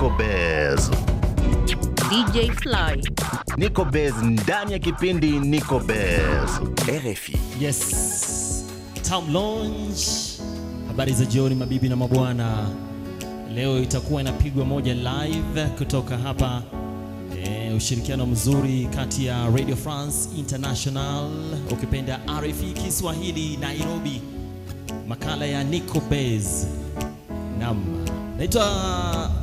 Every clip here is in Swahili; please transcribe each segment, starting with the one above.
Nico Bez. DJ Fly. Nico Bez ndani ya kipindi Nico Bez. RFI. Yes. Tom Lounge. Habari za jioni mabibi na mabwana. Leo itakuwa inapigwa moja live kutoka hapa e, ushirikiano mzuri kati ya Radio France International ukipenda RFI Kiswahili Nairobi, makala ya Nico Bez. Naam, naitwa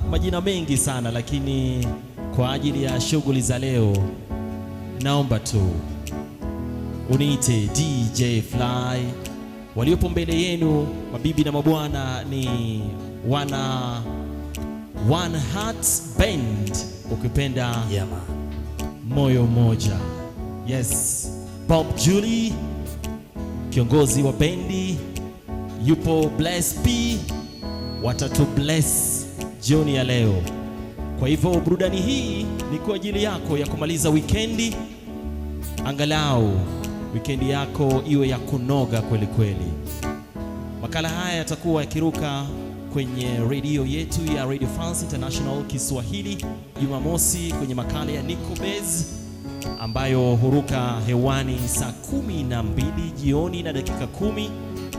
majina mengi sana, lakini kwa ajili ya shughuli za leo naomba tu uniite DJ Fly. Waliopo mbele yenu mabibi na mabwana ni wana One Heart Band, ukipenda yeah, moyo mmoja. Yes, Bob Julie kiongozi wa bendi yupo, Bless P watatu bless jioni ya leo. Kwa hivyo burudani hii ni kwa ajili yako ya kumaliza wikendi, angalau wikendi yako iwe ya kunoga kweli kweli. Makala haya yatakuwa yakiruka kwenye redio yetu ya Radio France International Kiswahili Jumamosi kwenye makala ya Nico Bez ambayo huruka hewani saa kumi na mbili jioni na dakika kumi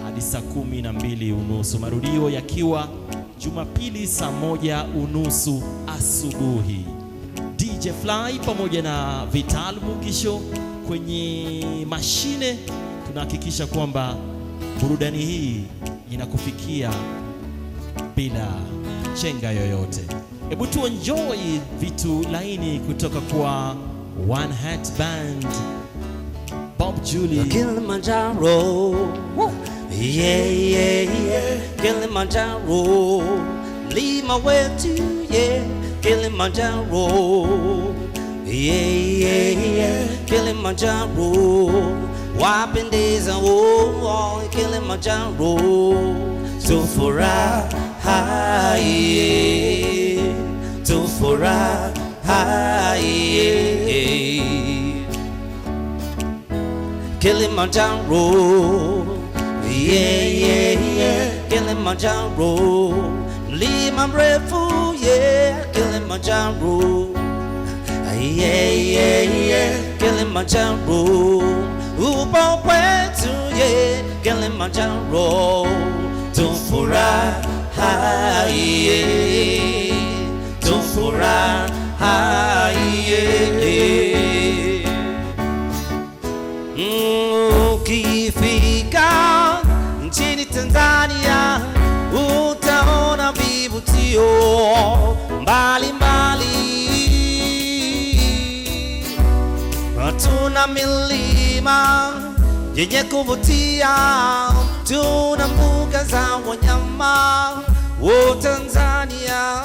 hadi saa kumi na mbili unusu, marudio yakiwa Jumapili saa moja unusu asubuhi DJ Fly pamoja na Vital Mugisho kwenye mashine, tunahakikisha kwamba burudani hii inakufikia bila chenga yoyote. Hebu tu enjoy vitu laini kutoka kwa One Hat Band, Bob Julie Kilimanjaro. Yeah, yeah, yeah, Kilimanjaro. Lead my way to, yeah, Kilimanjaro. Yeah, yeah, yeah, Kilimanjaro. Wiping days and oh, all in Kilimanjaro. So for a high, so for a high. Kilimanjaro yeah, yeah, yeah. Kilimanjaro, leave my am grateful, yeah. Kilimanjaro, yeah, yeah, yeah. Kilimanjaro, upo kwetu, yeah. Kilimanjaro, tumfuraha, yeah. Tumfuraha, yeah. Tanzania utaona vivutio mbalimbali, tuna milima yenye kuvutia, tuna mbuga za wanyama wa Tanzania,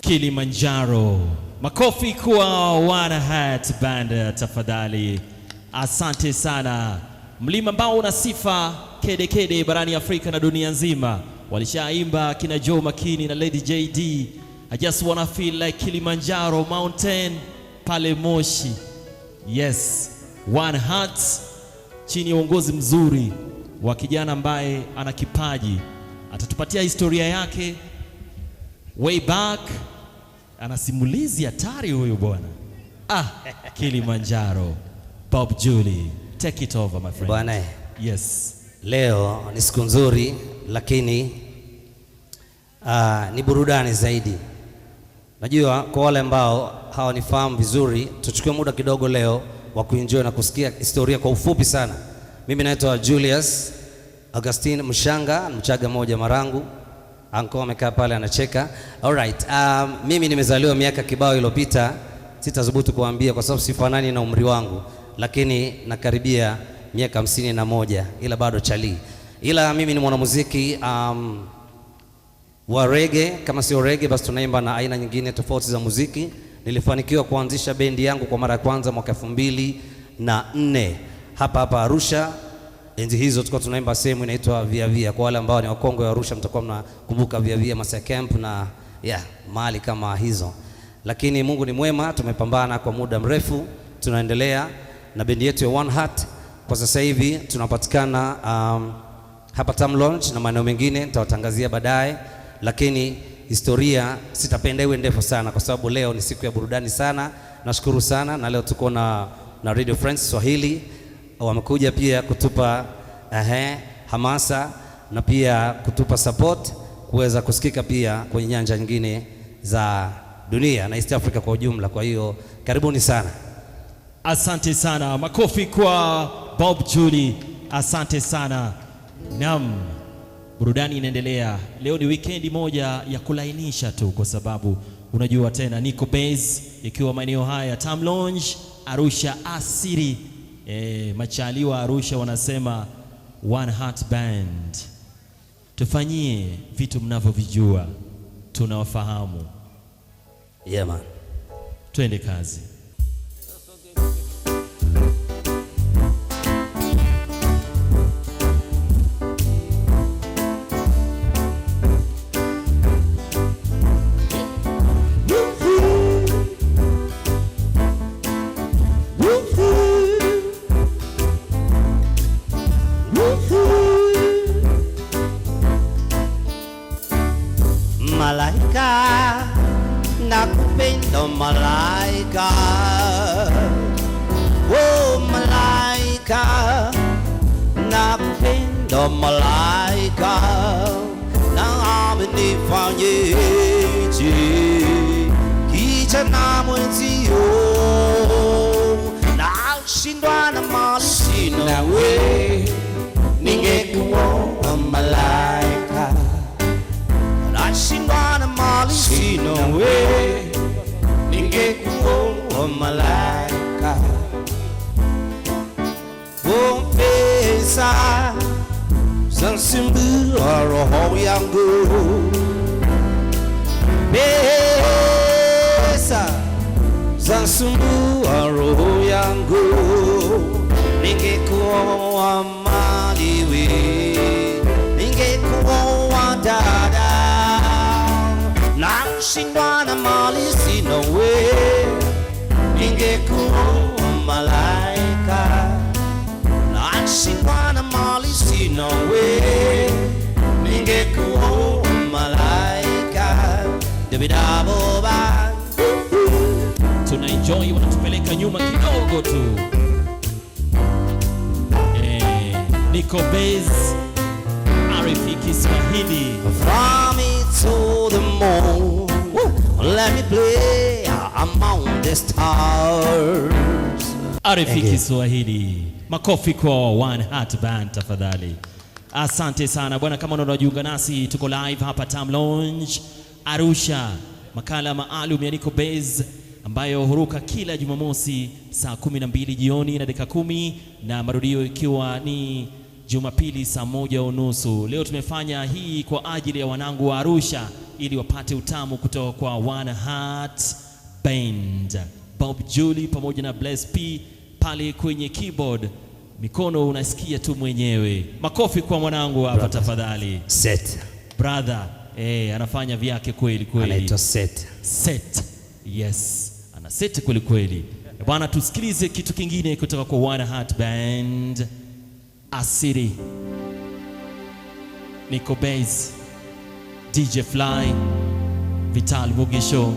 Kilimanjaro. Makofi kwa wana Hayat Band tafadhali, asante sana mlima ambao una sifa kedekede barani Afrika na dunia nzima. Walishaimba kina Joe Makini na Lady JD, I just wanna feel like Kilimanjaro mountain pale Moshi. Yes, one heart, chini ya uongozi mzuri wa kijana ambaye ana kipaji, atatupatia historia yake way back, anasimulizi hatari huyu bwana. Ah, Kilimanjaro Bob Julie. Take it over my friend. Bwana. Yes. Leo ni siku nzuri lakini uh, ni burudani zaidi. Najua kwa wale ambao hawanifahamu vizuri, tuchukue muda kidogo leo wa kuenjoy na kusikia historia kwa ufupi sana. Mimi naitwa Julius Augustine Mshanga, Mchaga moja Marangu. Anko amekaa pale anacheka. All right. Um, mimi nimezaliwa miaka kibao iliyopita, sitadhubutu kuambia kwa sababu sifanani na umri wangu lakini nakaribia miaka hamsini na moja ila bado chali, ila mimi ni mwanamuziki um, wa rege. Kama sio rege, basi tunaimba na aina nyingine tofauti za muziki. Nilifanikiwa kuanzisha bendi yangu kwa mara ya kwanza mwaka elfu mbili na nne hapa hapa Arusha. Enzi hizo tulikuwa tunaimba sehemu inaitwa Via Via. Kwa wale ambao ni wakongwe wa Arusha, mtakuwa mnakumbuka Via Via Masai Camp na yeah, mali kama hizo, lakini Mungu ni mwema, tumepambana kwa muda mrefu, tunaendelea na bendi yetu ya One Heart. Kwa sasa hivi tunapatikana um, hapa Tam Lounge na maeneo mengine nitawatangazia baadaye, lakini historia sitapenda iwe ndefu sana, kwa sababu leo ni siku ya burudani sana. Nashukuru sana, na leo tuko na, na Radio France Swahili wamekuja pia kutupa uh, hamasa na pia kutupa support kuweza kusikika pia kwenye nyanja nyingine za dunia na East Africa kwa ujumla. Kwa hiyo karibuni sana. Asante sana, makofi kwa Bob Juli, asante sana. Naam, burudani inaendelea. Leo ni wikendi moja ya kulainisha tu, kwa sababu unajua tena niko base ikiwa maeneo haya Tam Lounge Arusha asiri e, machaliwa Arusha wanasema one heart band, tufanyie vitu mnavyovijua tunawafahamu. Yeah man, twende kazi. malaika nakupenda malaika oh malaika nakupenda malaika na amini fanye je kicha na mwenzio na ushindwa na mashina we ningekuona Sinowe ningekuwa malaika, kumpesa zansimbu roho yangu pesa zansimbu roho yangu ningekuwa bida boba, tuna enjoy, wanatupeleka nyuma kidogo tu eh, Niko Base RFI Kiswahili From me to the moon Woo. Let me play among the stars RFI Kiswahili makofi kwa One Heart Band tafadhali Asante sana bwana, kama unajiunga nasi, tuko live hapa Tam Lounge. Arusha, makala maalum ya Niko Base ambayo huruka kila Jumamosi saa kumi na mbili jioni na dakika kumi na marudio ikiwa ni Jumapili saa moja unusu. Leo tumefanya hii kwa ajili ya wanangu wa Arusha ili wapate utamu kutoka kwa One Heart Band, Bob Julie pamoja na Bless P pale kwenye keyboard. Mikono unasikia tu mwenyewe. Makofi kwa mwanangu hapa tafadhali. Set. Brother eh, anafanya vyake kweli kweli, anaitwa set. Set. Yes, ana set kweli kweli bwana. Tusikilize kitu kingine kutoka kwa One Heart Band, Asiri, Niko Bass. DJ Fly, Vital Mugisho,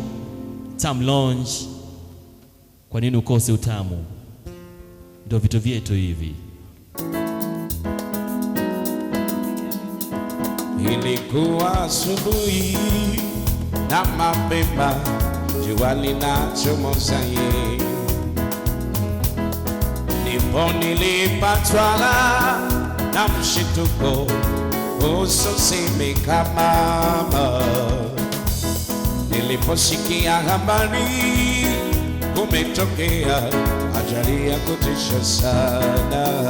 Tam Lounge. Kwa nini ukose utamu? Ndio vitu vyetu hivi. Ilikuwa asubuhi na mapema, jua linachomozaye, ndipo nilipatwa na mshituko usiosemeka mama, niliposikia habari kumetokea ajali ya kutisha sana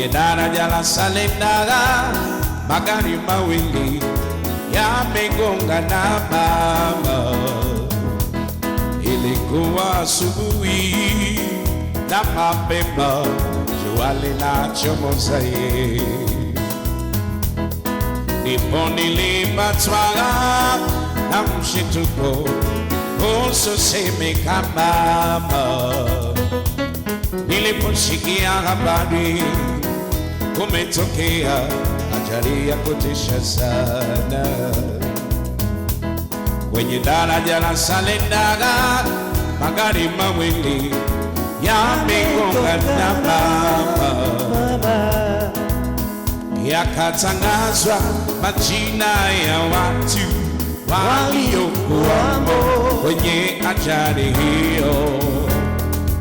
kwenye daraja la Salim Daga, magari mawili yamegongana mama. Ilikuwa asubuhi na mapema, jua linachomoza, ndipo nilipatwa na mshituko usiosemeka mama, niliposikia habari kumetokea ajali ya kutisha sana kwenye daraja la Salendaga, magari mawili yamegongana baba, yakatangazwa majina ya watu waliokuwamo kwenye ajali hiyo,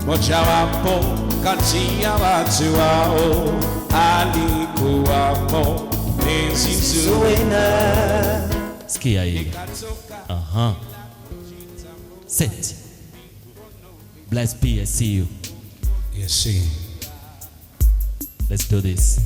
mojawapo kati ya watu wao alikuwapo penzi nzuri na sikia hili aha set bless p i see you yes see let's do this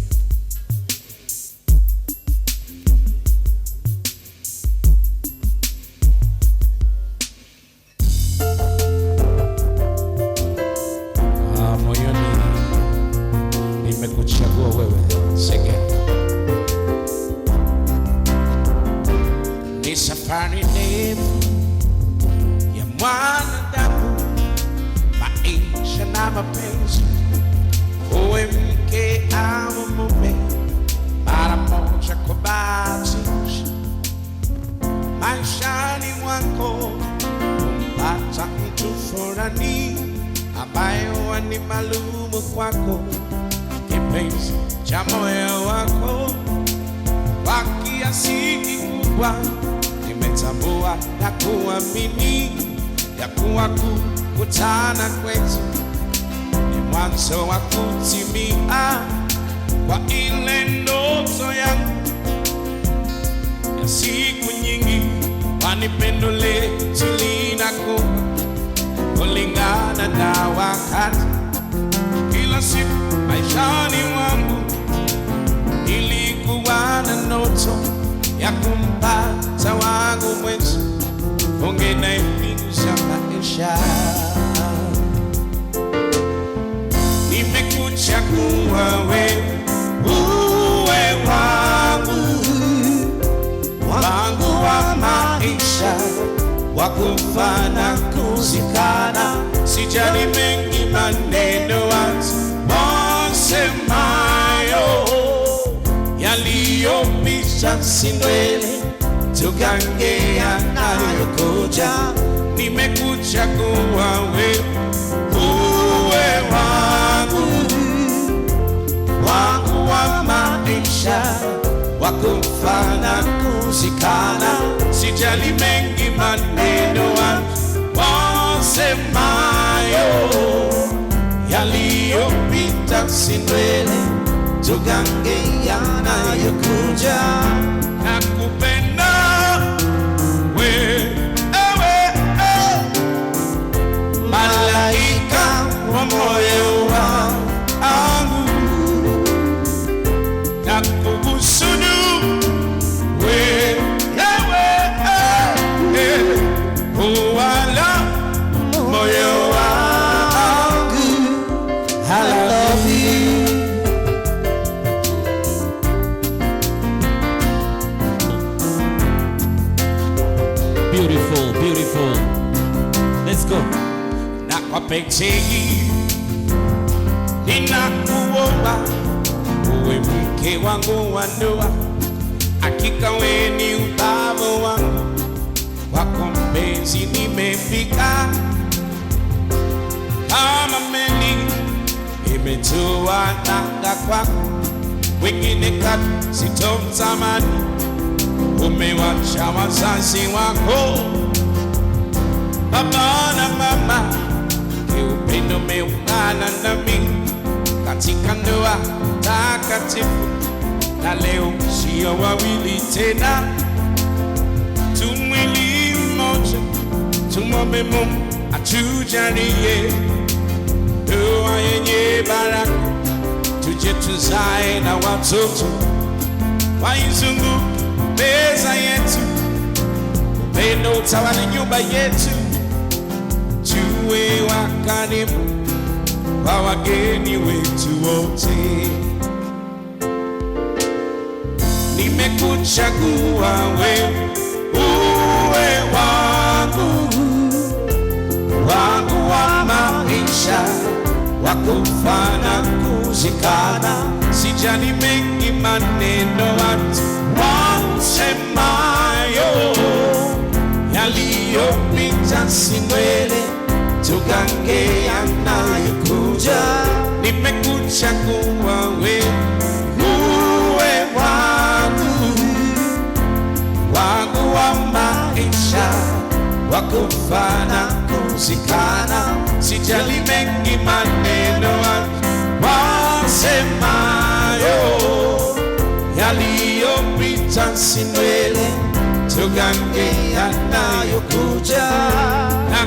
maishani mwako kumpata mtu fulani ambayo ni maalumu kwako, kipenzi cha moyo wako. Kwa kiasi kikubwa nimetambua na kuamini ya kuwa kukutana kwetu ni mwanzo wa kutimia kwa ile ndoto yangu siku nyingi, wanipendole chini nako kulingana na wakati. Kila siku maishani mwangu nilikuwa na ndoto ya kumpata wangu mwenzi, ongena mbinu za maisha wa kufana kuzikana, sijali mengi maneno wasemayo, yaliyopisha si ndwele, tugange yanayokuja. Nimekuchagua wewe uwe wangu, wangu wa maisha, wa kufana kuzikana usijali mengi maneno wasemayo, yaliyopita si ndwele, tugange yanayokuja. Nakupenda wewe, eh, eh. malaika wa moyo imefika kama meli imetua nanga kwako, wengine katu sitomtamani, umewacha wazazi wako baba na mama, kiupendo umeungana nami katika ndoa takatifu, na leo sio wawili tena, tu mmoja tumome mum atujariye tuwayenye baraka tuje tuzae na watoto waizungu meza yetu tawa utawale nyumba yetu tuwe wakarimu kwa wageni wetu wote nimekuchagua wewe uwe wa maisha wako kuzikana, sijali mengi maneno watu wasemayo, yaliyopita si mbele, tugange yanayokuja. Nimekuchagua we uwe wangu wangu wa maisha wako mfana kuzikana usijali mengi maneno wasemayo yaliyopita sinwele tugange yanayokuja na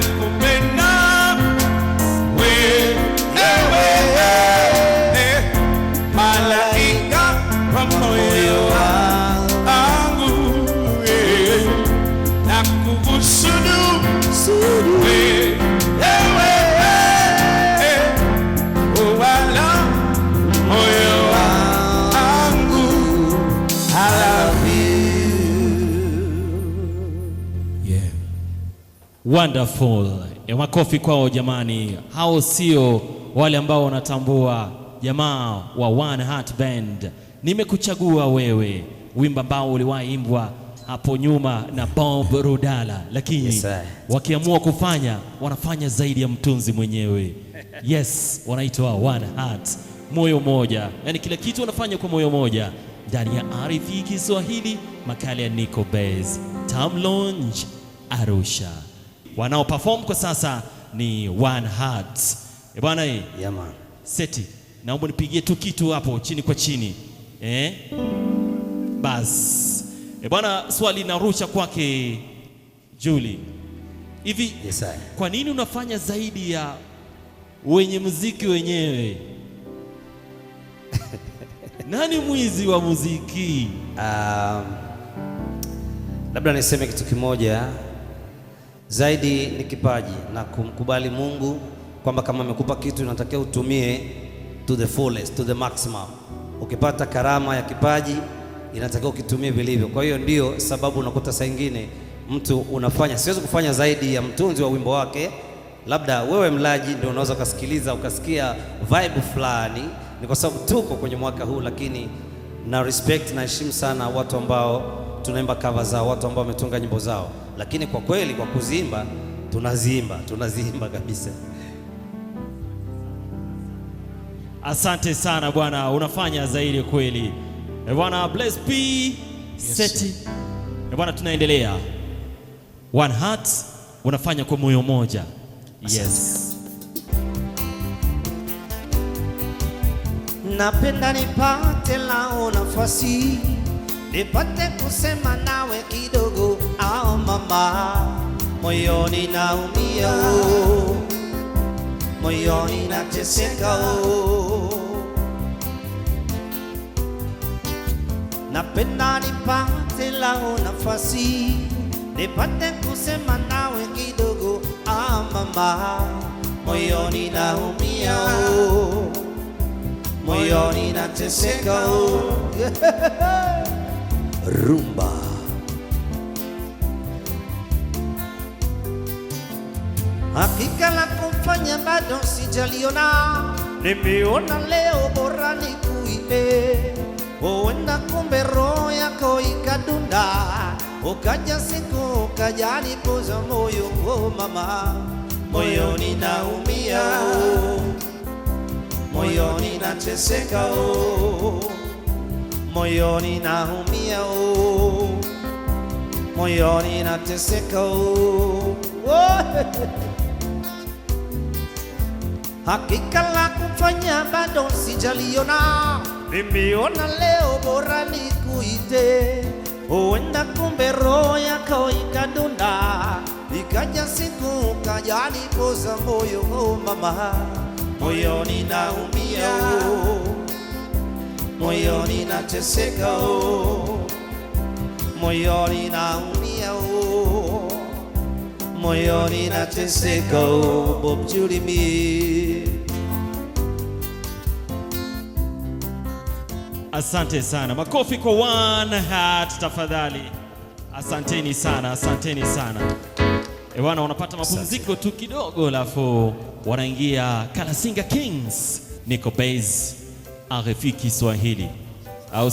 Wonderful ya makofi kwao jamani. Hao sio wale ambao wanatambua jamaa wa One Heart Band, nimekuchagua wewe, wimbo ambao uliwaimbwa hapo nyuma na Bob Rudala, lakini yes, wakiamua kufanya wanafanya zaidi ya mtunzi mwenyewe. Yes, wanaitwa One Heart, moyo moja, yaani kila kitu wanafanya kwa moyo moja, ndani ya RFI Kiswahili, makala ya Nico Bez Tam Lounge Arusha wanao perform kwa sasa ni One Heart. E bwana eh? Yeah, man. Seti, naomba nipigie tu kitu hapo chini kwa chini eh? Bas e bwana, swali narusha kwake Julie hivi yes, kwa nini unafanya zaidi ya wenye muziki wenyewe? Nani mwizi wa muziki? Um, labda niseme kitu kimoja zaidi ni kipaji na kumkubali Mungu kwamba kama amekupa kitu unatakiwa utumie to the fullest, to the maximum. Ukipata karama ya kipaji inatakiwa ukitumie vilivyo. Kwa hiyo ndio sababu unakuta saa nyingine mtu unafanya, siwezi kufanya zaidi ya mtunzi wa wimbo wake. Labda wewe mlaji ndio unaweza ukasikiliza ukasikia vibe fulani, ni kwa sababu tuko kwenye mwaka huu, lakini na respect na heshima sana watu ambao tunaimba cover zao, watu ambao wametunga nyimbo zao lakini kwa kweli kwa kuzimba tunazimba, tunazimba kabisa. Asante sana bwana, unafanya zaidi kweli eh, bwana. Bless P yes. Eh, bwana, tunaendelea one heart, unafanya kwa moyo mmoja. Yes, napenda nipate lao nafasi nipate kusema nawe kidogo au mama, moyoni naumia, moyoni nateseka, napenda nipate lao nafasi nipate kusema nawe kidogo. Ah mama, moyoni naumia, moyoni nateseka. Rumba hakika la kumfanya bado sijaliona, nimeona leo bora kuipe Huenda kumbe roho yako ikadunda, ukaja siku ukajaribuza moyo kwa mama, moyoni naumia oh, moyoni nateseka oh, moyoni naumia oh, moyoni nateseka oh. hakika la kumfanya bado sijaliona. Nimeona leo bora nikuite, huenda kumbe roho yako ikadunda, ikaja siku ukaja nipoza moyo. Oh mama, moyoni naumia, moyoni nateseka, moyoni naumia moyoni nateseka, oh Bob mi Asante sana, makofi kwa One Heart tafadhali. Asanteni sana, asanteni sana ewana, eh, wanapata mapumziko tu kidogo, alafu wanaingia Kalasinga Kings. Niko base RFI Kiswahili au